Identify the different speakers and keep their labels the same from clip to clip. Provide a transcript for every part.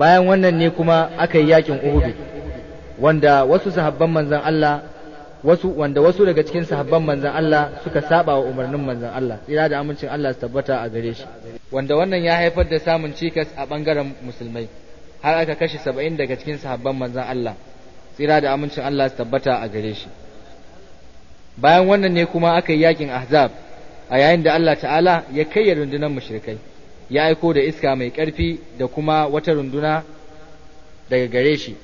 Speaker 1: bayan wannan ne kuma aka yi yakin uhudu wanda wasu sahabban manzan Allah wasu wanda wasu daga cikin sahabban manzan Allah suka saba wa umarnin manzan Allah tsira da amincin Allah su tabbata a gare shi wanda wannan ya haifar da samun cikas a bangaren musulmai har aka kashe saba'in daga cikin sahabban manzan Allah tsira da amincin Allah su tabbata a gare shi bayan wannan ne kuma aka yi yakin Ahzab a yayin da Allah ta'ala ya kai rundunar mushrikai ya aiko da iska mai ƙarfi da kuma wata runduna daga gare shi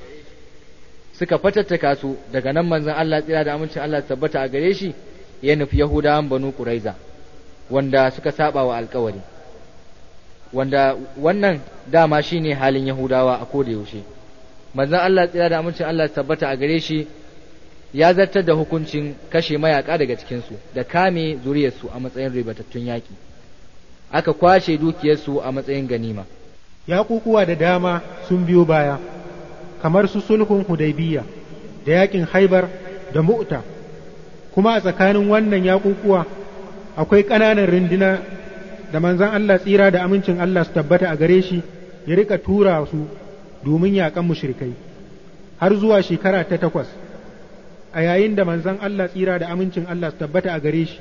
Speaker 1: suka fatattaka su daga nan manzon Allah tsira da amincin Allah tabbata a gare shi ya nufi Yahudawan Banu Quraiza wanda suka saba wa alƙawari wanda wannan dama shine halin Yahudawa a koda yaushe manzon Allah tsira da amincin Allah tabbata a gare shi ya zartar da hukuncin kashe mayaka daga cikinsu da kame zuriyarsu a matsayin ribatattun yaƙi aka kwashe dukiyarsu a matsayin ganima
Speaker 2: yaƙuƙuwa da dama sun biyo baya kamar su sulhun hudaybiya da yaƙin haibar da mu'ta kuma a tsakanin wannan yaƙuƙuwa akwai ƙananan rinduna da manzan Allah tsira da amincin Allah su tabbata a gare shi ya rika tura su domin yaƙan mushrikai har zuwa shekara ta takwas a yayin da manzan Allah tsira da amincin Allah su tabbata a gare shi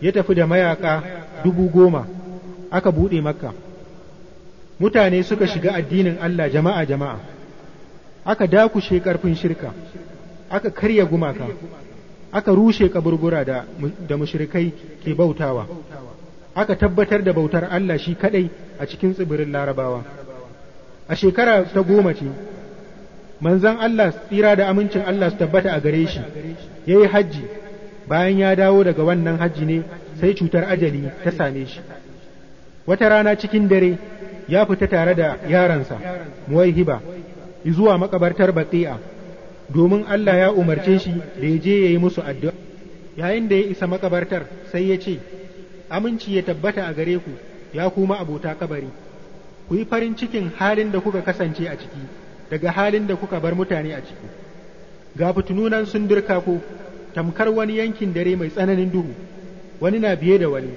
Speaker 2: ya tafi da mayaƙa dubu goma aka buɗe makka mutane suka shiga addinin Allah jama'a jama'a aka dakushe ƙarfin shirka aka karya gumaka aka rushe ƙaburbura da, da mushrikai ke bautawa aka tabbatar da bautar Allah shi kadai a cikin tsibirin larabawa a shekara ta goma ce manzan Allah tsira da amincin Allah su tabbata a gare shi ya yi hajji bayan ya dawo daga wannan hajji ne sai cutar ajali ta same shi wata rana cikin dare ya fita tare da yaransa muwaihiba zuwa makabartar batsi'a domin Allah ya umarce shi da ya je ya yi musu addu'a yayin da ya isa makabartar sai ya ce aminci ya tabbata a gare ku ya kuma abota kabari ku yi farin cikin halin da kuka kasance a ciki daga halin da kuka bar mutane a ciki ga fitununan sun dirka ko tamkar wani yankin dare mai tsananin duhu wani na biye da wani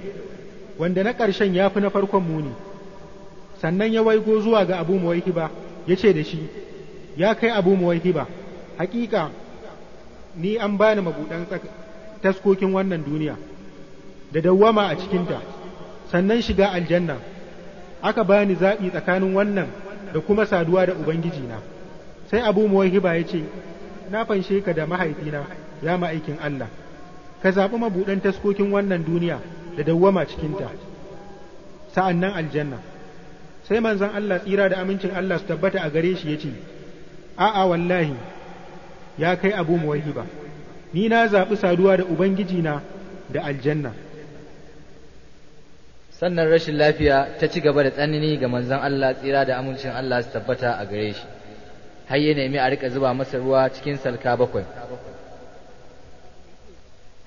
Speaker 2: wanda na ƙarshen ya fi na farkon muni sannan ya waigo zuwa ga abu muwaihiba ya ce da shi ya kai abu muwaihiba haƙiƙa ni an bani mabuɗan taskokin wannan duniya da dawwama a cikinta sannan shiga aljanna aka bani zaɓi tsakanin wannan da kuma saduwa da ubangijina sai abu muwaihiba ya ce na fanshe ka da mahaifina ya ma'aikin Allah ka zaɓi mabuɗan taskokin wannan duniya da dawwama cikinta Sa'annan aljanna sai manzon Allah tsira da amincin Allah su tabbata a gare shi ya ce a'a wallahi ya kai abu ba. ni na zaɓi saduwa da Ubangiji na da aljanna
Speaker 1: sannan rashin lafiya ta ci gaba da tsanani ga manzan Allah tsira da amincin Allah su tabbata a gare shi har ya nemi a rika zuba masa ruwa cikin salka bakwai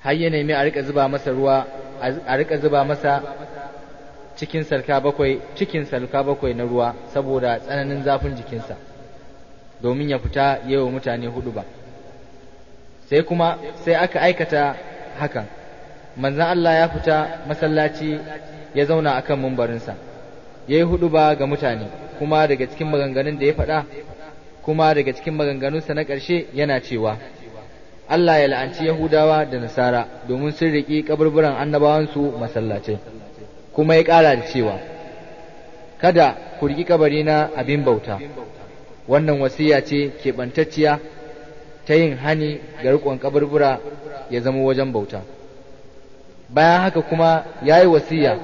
Speaker 1: har ya nemi a rika zuba masa ruwa a rika zuba masa cikin salka bakwai cikin salka bakwai na ruwa saboda tsananin zafin jikinsa domin ya fita yawa mutane hudu ba sai kuma sai aka aikata hakan manzan Allah ya fita masallaci ya zauna akan mumbarinsa ya yi hudu ba ga mutane kuma daga cikin maganganun da ya faɗa kuma daga cikin maganganunsa na ƙarshe yana cewa Allah ya la'anci Yahudawa da Nasara domin sun riƙi kaburburan annabawansu masallacai kuma ya ƙara da cewa kada ku riƙi kabarina abin bauta wannan wasiya ce keɓantacciya ta yin hani ga riƙon kaburbura ya zama wajen bauta bayan haka kuma ya yi wasiya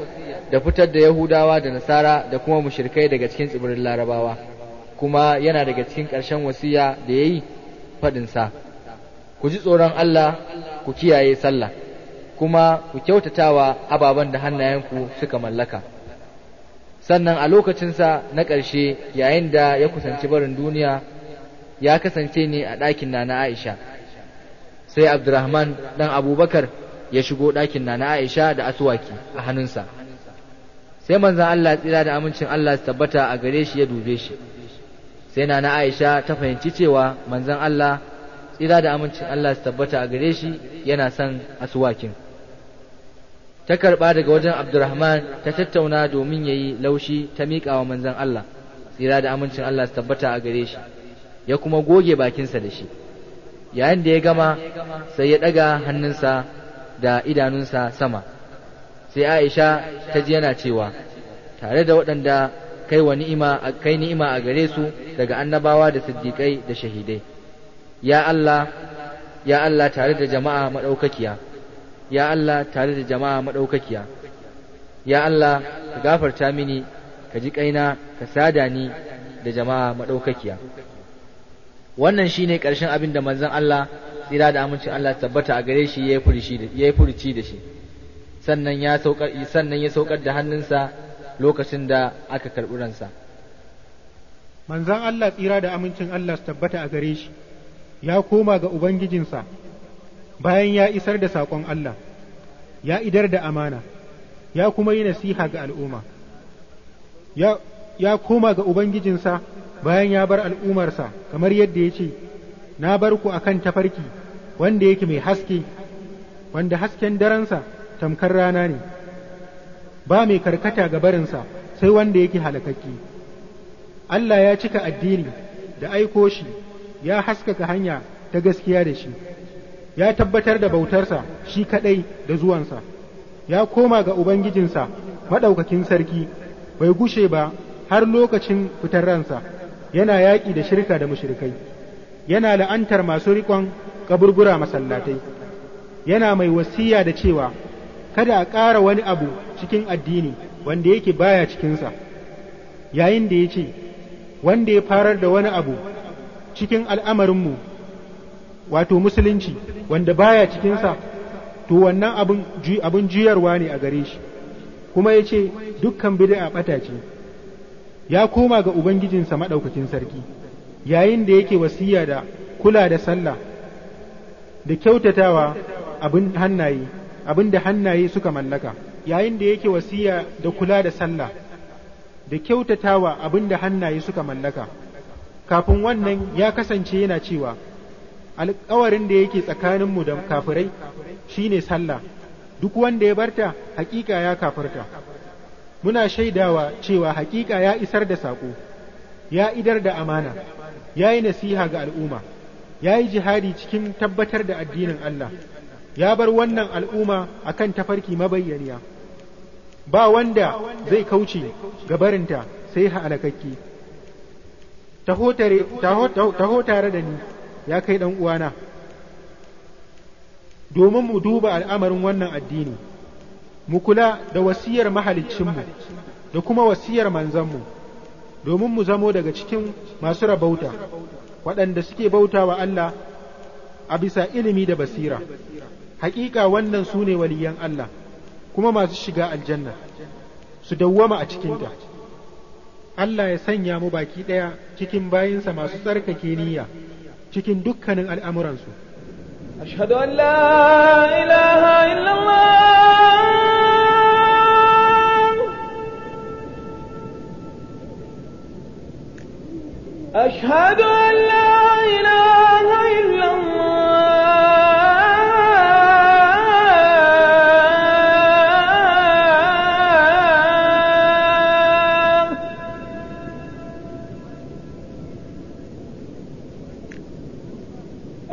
Speaker 1: da fitar da Yahudawa da Nasara da kuma mushirikai daga cikin tsibirin Larabawa kuma yana daga cikin ƙarshen wasiya da ya yi faɗinsa. sa ku ji tsoron Allah ku kiyaye sallah kuma ku kyautatawa ababen da hannayenku suka mallaka sannan a lokacinsa na ƙarshe yayin da ya kusanci barin duniya ya kasance ne a ɗakin nana Aisha sai Abdurrahman ɗan Abubakar ya shigo ɗakin nana Aisha da asuwaki a hannunsa sai manzon Allah tsira da amincin Allah su tabbata a gare shi ya dube shi sai nana Aisha ta fahimci cewa manzon Allah tsira da amincin Allah su tabbata a gare shi yana son asuwakin ta karɓa daga wajen Abdurrahman ta tattauna domin ya yi laushi ta miƙa wa manzan Allah tsira da amincin Allah su tabbata a gare shi ya kuma goge bakinsa da shi yayin da ya gama sai ya ɗaga hannunsa da idanunsa sama sai Aisha ta ji yana cewa tare da waɗanda kai ni'ima a gare su daga annabawa da siddiƙai da shahidai ya Allah ya Allah tare da jama'a madaukakiya ya Allah tare da jama'a madaukakiya ya Allah ka gafarta mini ka ji kaina ka sada ni da jama'a madaukakiya wannan shine ƙarshen abin da manzon Allah tsira da amincin Allah tabbata a gare shi yayi yi yayi furici da shi sannan ya saukar sannan ya saukar da hannunsa lokacin da aka karɓi ransa
Speaker 2: manzon Allah tsira da amincin Allah tabbata a gare shi ya koma ga Ubangijinsa bayan ya isar da saƙon Allah, ya idar da amana, ya kuma yi nasiha ga al'umma, ya, koma ga Ubangijinsa bayan ya bar al'ummarsa kamar yadda ya ce, Na bar ku a kan tafarki wanda yake mai haske, wanda hasken daransa tamkar rana ne, ba mai karkata ga barinsa sai wanda yake halakakki. Allah ya cika addini da aiko shi ya haskaka hanya ta gaskiya da shi ya tabbatar da bautarsa shi kaɗai da zuwansa ya koma ga ubangijinsa maɗaukakin sarki bai gushe ba har lokacin fitar ransa yana yaƙi da shirka da mushrikai yana la'antar masu riƙon kaburbura masallatai yana mai wasiya da cewa kada a ƙara wani abu cikin addini wanda yake baya cikinsa yayin da ya ce wanda ya farar da wani abu cikin al'amarinmu wato musulunci wanda baya cikinsa to wannan abun juyarwa ne a gare shi kuma ya ce dukkan bid'a ɓata ce ya koma ga ubangijinsa maɗaukakin sarki yayin da yake wasiya da kula da sallah da kyautatawa abin hannaye abin da hannaye suka mallaka yayin da yake wasiya da kula da sallah da kyautatawa abin da hannaye suka mallaka kafin wannan ya kasance yana cewa alƙawarin da yake tsakaninmu da kafirai shine sallah duk wanda ya barta hakika ya kafarta muna shaidawa cewa hakika ya isar da saƙo ya idar da amana ya yi nasiha ga al'umma ya yi jihadi cikin tabbatar da addinin Allah ya bar wannan al'umma akan tafarki mabayyaniya ba wanda zai kauce ga barinta sai halakakki taho tare da ni ya kai ɗan uwana domin mu duba al'amarin wannan addini mu kula da wasiyar mahaliccinmu da kuma wasiyar manzanmu domin mu zamo daga cikin masu rabauta waɗanda suke bautawa Allah a bisa ilimi da basira haƙiƙa wannan su ne waliyan Allah kuma masu shiga aljanna su dawwama a cikinta. Allah ya sanya mu baki ɗaya cikin bayinsa masu tsarkake niyya cikin dukkanin al'amuransu. Ashhadu an la ilaha illallah
Speaker 1: Ashhadu an la ilaha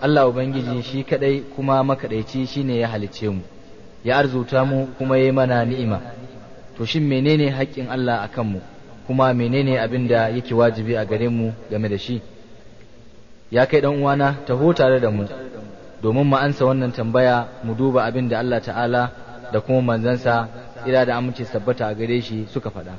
Speaker 1: Allah ubangiji shi kaɗai kuma makaɗaici shi ne ya halice mu ya arzuta mu kuma yayi mana ni'ima to shin menene haƙƙin Allah a kanmu kuma menene abin da yake wajibi a gare mu game da shi ya kai ɗan uwana taho tare da mu domin mu ansa wannan tambaya mu duba abin da Allah ta'ala da kuma manzansa ira da amince sabbata a gare shi suka faɗa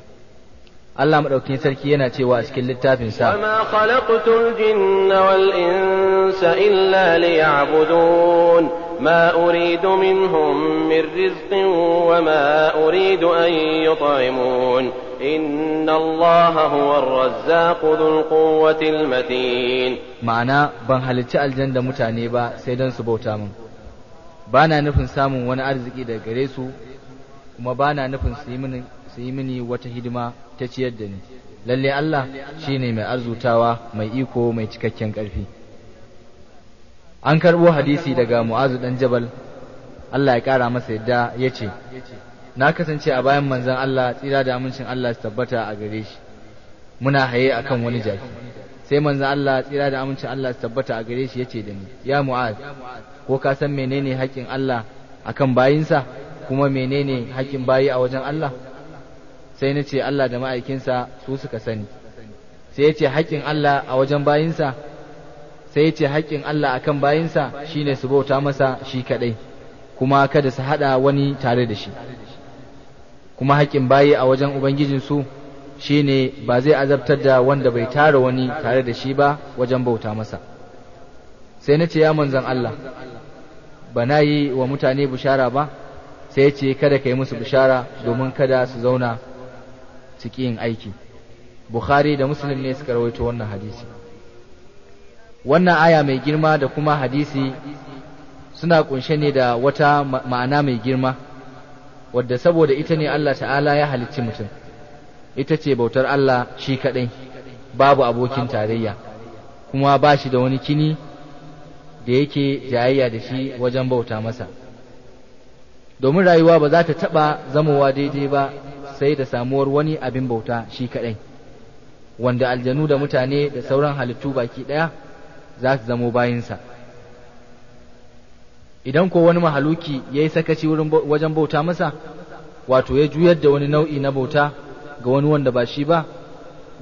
Speaker 1: Allah maɗaukin sarki yana cewa a cikin littafin sa ma khalaqtul jinna wal insa illa liya'budun ma uridu minhum min rizqin wa ma uridu an yut'imun inna Allaha huwa ar razzaq dhul quwwati al-matin ma'ana ban halicci aljanna mutane ba sai dan su bauta min bana nufin samun wani arziki daga gare su kuma bana nufin su yi mini su yi mini wata hidima ta ciyar da ni lalle Allah shi ne mai arzutawa mai iko mai cikakken ƙarfi an karɓo hadisi daga mu'azu dan jabal Allah ya ƙara masa yadda ya ce na kasance a bayan manzon Allah tsira da amincin Allah su tabbata a gare shi muna haye akan wani jaki sai manzon Allah tsira da amincin Allah su tabbata a gare shi ya ce da ni ya mu'az ko ka san menene haƙƙin Allah a kan bayinsa kuma menene haƙƙin bayi a wajen Allah sai na ce Allah da ma'aikinsa su suka sani sai ya ce haƙƙin Allah a wajen bayinsa sai ya ce haƙƙin Allah akan bayinsa shine su bauta masa shi kaɗai kuma kada su haɗa wani tare da shi kuma haƙƙin bayi a wajen ubangijinsu shine ba zai azabtar da wanda bai tara wani tare da shi ba wajen bauta masa sai na ce ya manzan Allah ba na yi wa mutane bishara ba sai ya ce kada ka yi musu bishara domin kada su zauna suke yin aiki bukhari da muslim ne suka rawaito wannan hadisi wannan aya mai girma da kuma hadisi suna kunshe ne da wata ma'ana mai girma wadda saboda ita ne Allah ta'ala ya halicci mutum ita ce bautar Allah shi kaɗai babu abokin tarayya kuma ba shi da wani kini da yake jayayya da shi wajen bauta masa domin rayuwa ba za ta taɓa zamowa daidai ba sai da samuwar wani abin bauta shi kaɗai wanda aljanu da mutane da sauran halittu baki ɗaya za su zamo bayinsa idan ko wani mahaluki ya yi sakaci wajen bauta masa wato ya juyar da wani nau'i na bauta ga wani wanda ba shi ba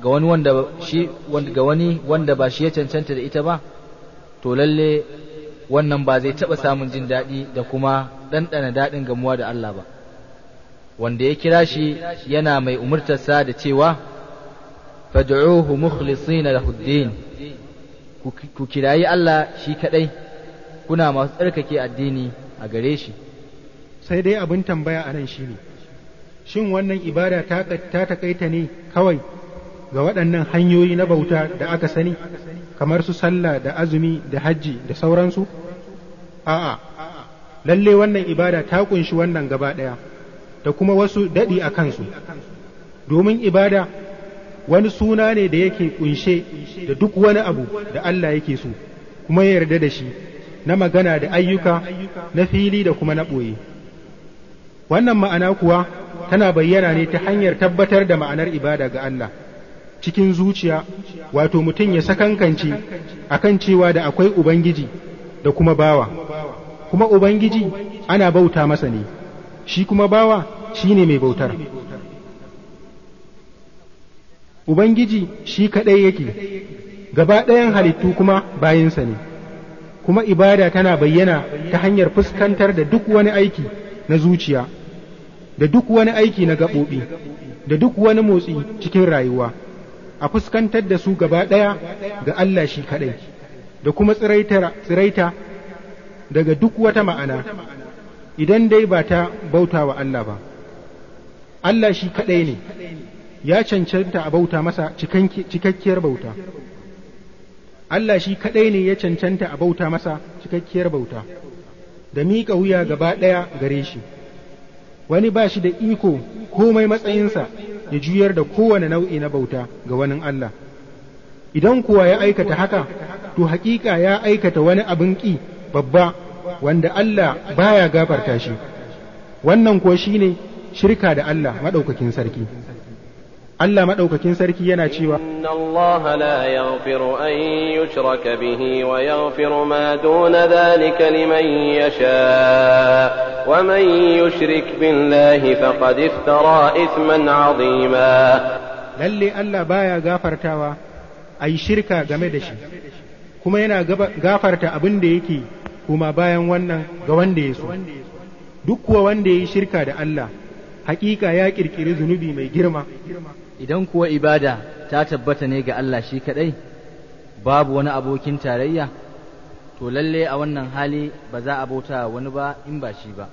Speaker 1: ga wani wanda shi ga wani wanda ba shi ya cancanta da ita ba to lalle wannan ba zai taɓa samun jin daɗi da kuma ɗanɗana daɗin gamuwa da Allah ba wanda ya kira shi yana mai umurtarsa da cewa fad'uhu mukhlisina lahuddin ku kirayi
Speaker 2: Allah shi kadai kuna masu tsarkake addini a gare shi sai dai abin tambaya a nan shine shin wannan ibada ta ta takaita ne kawai ga waɗannan hanyoyi na bauta da aka sani kamar su sallah da azumi da hajji da sauransu a'a lalle wannan ibada ta kunshi wannan gaba ɗaya da kuma wasu daɗi a kansu domin ibada wani suna ne da yake kunshe da duk wani abu da Allah yake so kuma ya yarda da shi na magana da ayyuka na fili da kuma na ɓoye wannan ma'ana kuwa tana bayyana ne ta hanyar tabbatar da ma'anar ibada ga Allah cikin zuciya wato mutum ya sakankance akan cewa da akwai ubangiji da kuma bawa kuma ubangiji ana bauta masa ne shi kuma bawa shi ne mai bautar ubangiji shi kaɗai yake gaba ɗayan halittu kuma bayansa ne kuma ibada tana bayyana ta hanyar fuskantar da duk wani aiki na zuciya da duk wani aiki na gaɓoɓi da duk wani motsi cikin rayuwa a fuskantar da su gaba ɗaya ga Allah shi kaɗai da kuma tsiraita daga duk wata ma'ana idan dai ba ta bauta wa Allah ba Allah shi kaɗai ne ya cancanta a bauta masa cikakkiyar bauta Allah shi kaɗai ne ya cancanta a bauta masa cikakkiyar bauta da miƙa wuya gaba ɗaya gare shi wani ba shi da iko komai matsayinsa ya juyar da kowane nau'i na bauta ga wani Allah idan kuwa ya aikata haka to haƙiƙa ya aikata wani abin ƙi babba wanda Allah baya gafarta shi wannan ko shine shirka da Allah madaukakin sarki Allah madaukakin sarki yana cewa
Speaker 1: inna Allah la yaghfiru an yushraka bihi wa yaghfiru ma duna dhalika liman yasha wa man yushrik billahi faqad iftara ithman azima
Speaker 2: lalle Allah baya gafartawa ai shirka game da shi kuma yana gafarta abin da yake kuma bayan wannan ga wanda ya so duk kuwa wanda ya yi shirka da Allah hakika ya kirkiri zunubi mai girma idan kuwa
Speaker 1: ibada ta tabbata ne ga Allah shi kadai babu wani abokin tarayya to lalle a wannan hali ba za a bauta wani ba in ba shi ba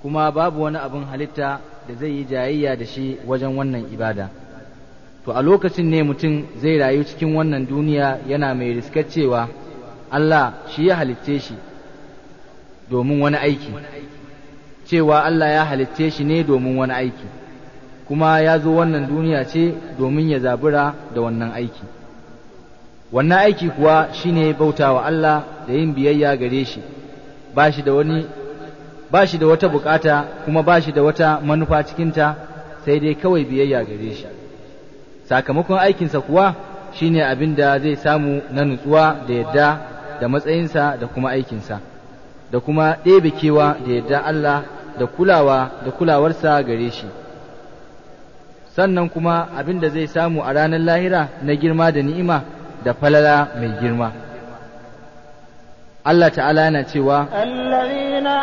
Speaker 1: kuma babu wani abin halitta da zai yi jayayya da shi wajen wannan ibada to a lokacin ne mutum zai rayu cikin wannan duniya yana mai riskar cewa Allah shi ya halicce shi domin wani aiki cewa Allah ya halicce shi ne domin wani aiki kuma ya zo wannan duniya ce domin ya zabura da wannan aiki wannan aiki kuwa shine bautawa Allah da yin biyayya gare shi ba shi da wata bukata kuma ba shi da wata manufa cikinta sai dai kawai biyayya gare shi sakamakon aikinsa kuwa shine abin da zai samu na nutsuwa da yadda da matsayinsa da kuma aikinsa da kuma ɗebe kewa da yadda Allah da kulawa da kulawarsa gare shi sannan kuma abin da zai samu a ranar lahira na girma da ni'ima da falala mai girma Allah ta'ala yana cewa
Speaker 2: allazina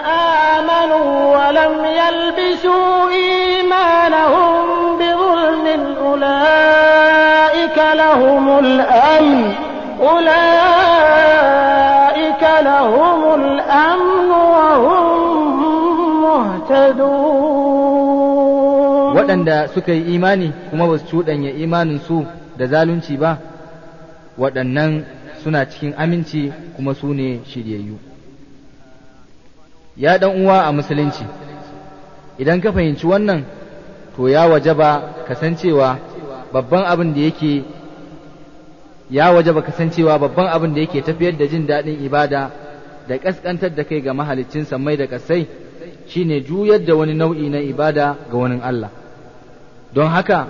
Speaker 2: amanu wa lam yalbisu imanahum bi ulaika lahumul amn ulaika لهم waɗanda
Speaker 1: suka yi imani kuma basu su cuɗanya imaninsu da zalunci ba waɗannan suna cikin aminci kuma su ne shiryayyu ya ɗan uwa a musulunci idan ka fahimci wannan to ya wajaba kasancewa babban abin da ya wajaba kasancewa babban abin da yake tafiyar da jin daɗin ibada da ƙasƙantar da kai ga mahalicin mai da ƙasai shine juyar da wani nau'i na ibada ga wani Allah don haka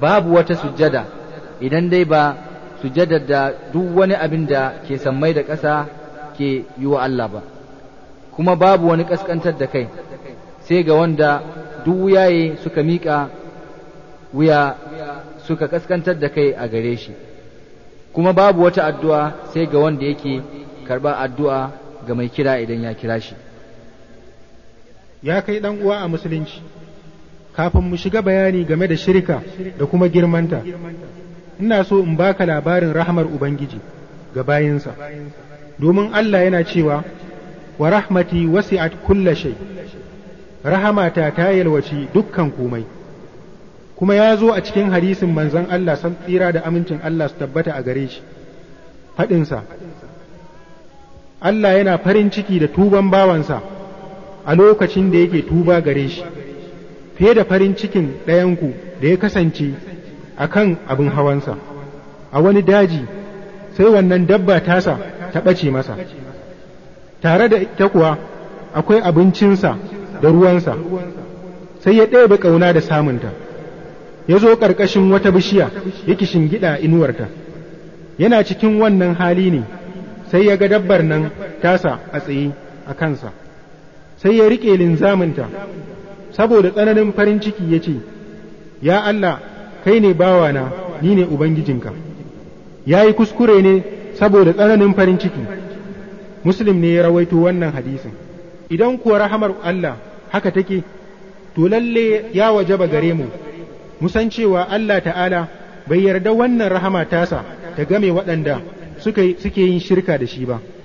Speaker 1: babu wata sujada idan dai ba sujadar da duk wani abin da ke sammai da ƙasa ke yi wa Allah ba kuma babu wani ƙasƙantar da kai sai ga wanda duk wuyaye suka miƙa wuya suka ƙasƙantar da kai a gare shi kuma babu wata addu'a sai ga wanda yake karɓa addu'a ga mai kira idan ya kira shi
Speaker 2: ya kai dan uwa a musulunci kafin mu shiga bayani game da shirka da kuma girmanta ina so in baka labarin rahmar ubangiji ga bayinsa domin Allah yana cewa wa rahmati wasi'at kulla shay rahamata ta yalwaci dukkan komai kuma ya zo a cikin hadisin manzon Allah san tsira da amincin Allah su tabbata a gare shi faɗinsa Allah yana farin ciki da tuban bawansa a lokacin da yake tuba gare shi fiye da farin cikin ɗayanku da ya kasance a kan abin hawansa a wani daji sai wannan dabba tasa ta ɓace masa tare da ita kuwa akwai abincinsa da ruwansa sai ya ɗebe ƙauna da samunta ya zo ƙarƙashin wata bishiya ya kishin gida inuwarta yana cikin wannan hali ne sai ya ga dabbar nan tasa a tsaye a kansa sai ya rike linzaminta saboda tsananin farin ciki ya ce ya Allah kai ne bawana ni ne ubangijinka ya yi kuskure ne saboda tsananin farin ciki muslim ne ya rawaito wannan hadisin idan kuwa rahamar Allah haka take to lalle ya wajaba gare mu musan cewa Allah ta'ala bai yarda wannan rahama tasa ta game waɗanda suke yin shirka da shi ba